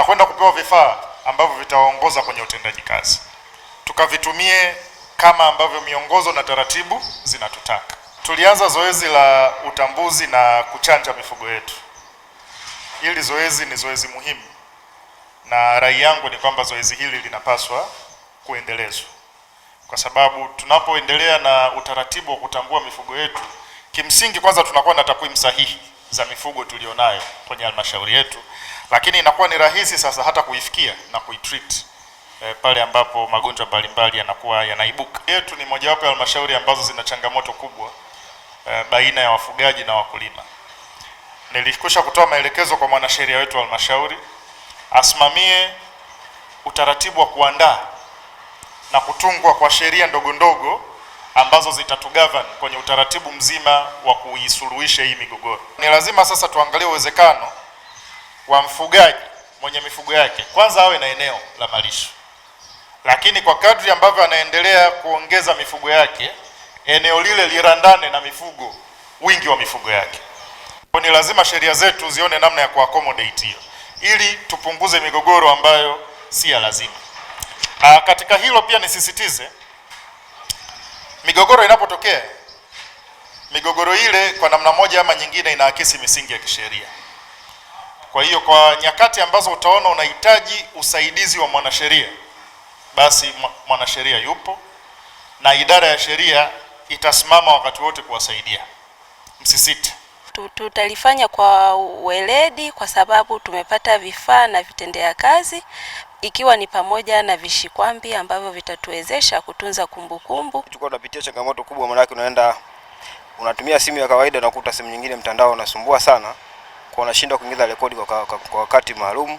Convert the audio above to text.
na kwenda kupewa vifaa ambavyo vitawaongoza kwenye utendaji kazi, tukavitumie kama ambavyo miongozo na taratibu zinatutaka. Tulianza zoezi la utambuzi na kuchanja mifugo yetu. Hili zoezi ni zoezi muhimu, na rai yangu ni kwamba zoezi hili linapaswa kuendelezwa, kwa sababu tunapoendelea na utaratibu wa kutambua mifugo yetu, kimsingi kwanza tunakuwa na takwimu sahihi za mifugo tulionayo kwenye halmashauri yetu, lakini inakuwa ni rahisi sasa hata kuifikia na kuitreat e, pale ambapo magonjwa mbalimbali yanakuwa yanaibuka. Yetu ni mojawapo ya halmashauri ambazo zina changamoto kubwa e, baina ya wafugaji na wakulima. Nilikwisha kutoa maelekezo kwa mwanasheria wetu wa halmashauri asimamie utaratibu wa kuandaa na kutungwa kwa sheria ndogo ndogo ambazo zitatugovern kwenye utaratibu mzima wa kuisuluhisha hii migogoro. Ni lazima sasa tuangalie uwezekano wa mfugaji mwenye mifugo yake kwanza awe na eneo la malisho, lakini kwa kadri ambavyo anaendelea kuongeza mifugo yake, eneo lile lirandane na mifugo, wingi wa mifugo yake. Kwa ni lazima sheria zetu zione namna ya kuaccommodate hiyo, ili tupunguze migogoro ambayo si ya lazima. Aa, ah, katika hilo pia nisisitize Migogoro inapotokea, migogoro ile kwa namna moja ama nyingine inaakisi misingi ya kisheria. Kwa hiyo kwa nyakati ambazo utaona unahitaji usaidizi wa mwanasheria, basi mwanasheria yupo na idara ya sheria itasimama wakati wote kuwasaidia. Msisite tutalifanya kwa weledi kwa sababu tumepata vifaa na vitendea kazi ikiwa ni pamoja na vishikwambi ambavyo vitatuwezesha kutunza kumbukumbu. Tulikuwa tunapitia changamoto kubwa, maanake unaenda unatumia simu ya kawaida, unakuta sehemu nyingine mtandao unasumbua sana, kwa unashindwa kuingiza rekodi kwa wakati maalum